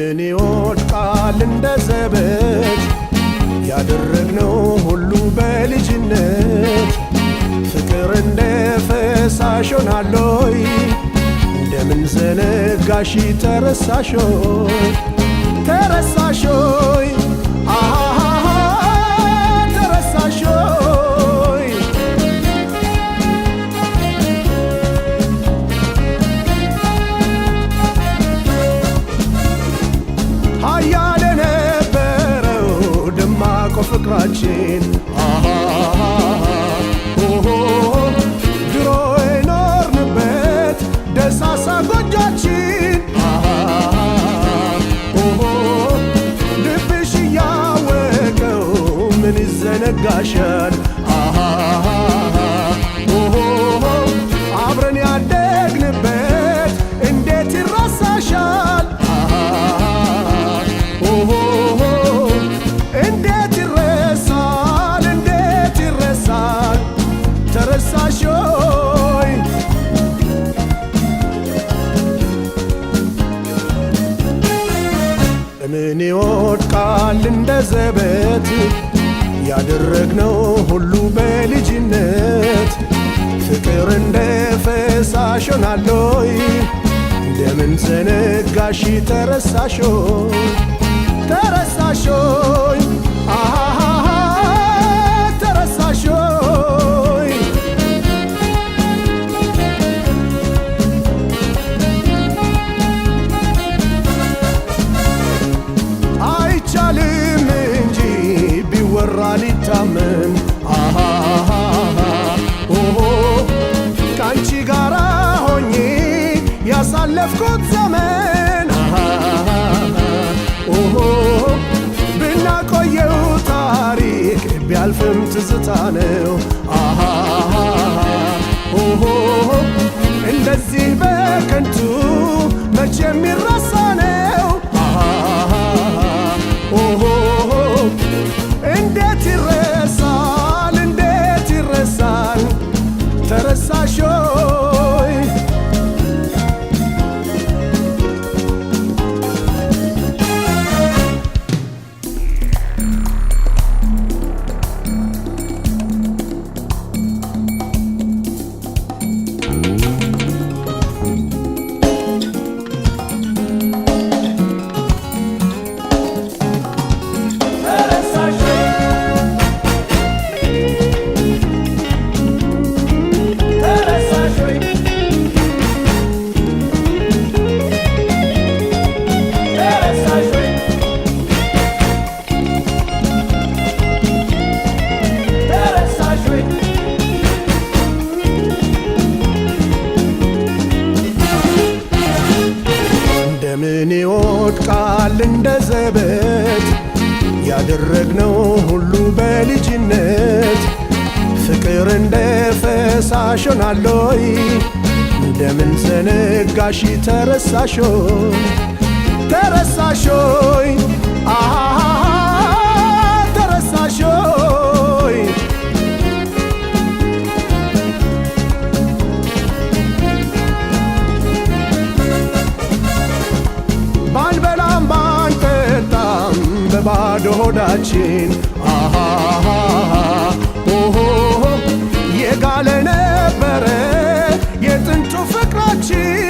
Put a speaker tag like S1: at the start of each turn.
S1: ለምን ቃል እንደ ዘበት? ያደረግነው ሁሉ በልጅነት ፍቅር እንደ ፈሳሽ ሆናለይ እንደምን ዘነጋሽ ተረሳሾይ ተረሳሾይ făcut acel ለምን ይወድቃል እንደ ዘበት? ያደረግነው ሁሉ በልጅነት ፍቅር እንደ ፈሳሽ ሆናለይ። እንደምን ዘነጋሽ ባሳለፍኩት ዘመን ብናቆየው ታሪክ ቢያልፍም ትዝታ ነው። ያደረግነው ሁሉ በልጅነት ፍቅር እንደ ፈሳሽ ሆናለይ እንደምን ዘነጋሽ ተረሳሾይ ተረሳሾይ ወዳችን ኦሆ የጋለ ነበረ የጥንቱ ፍቅራችን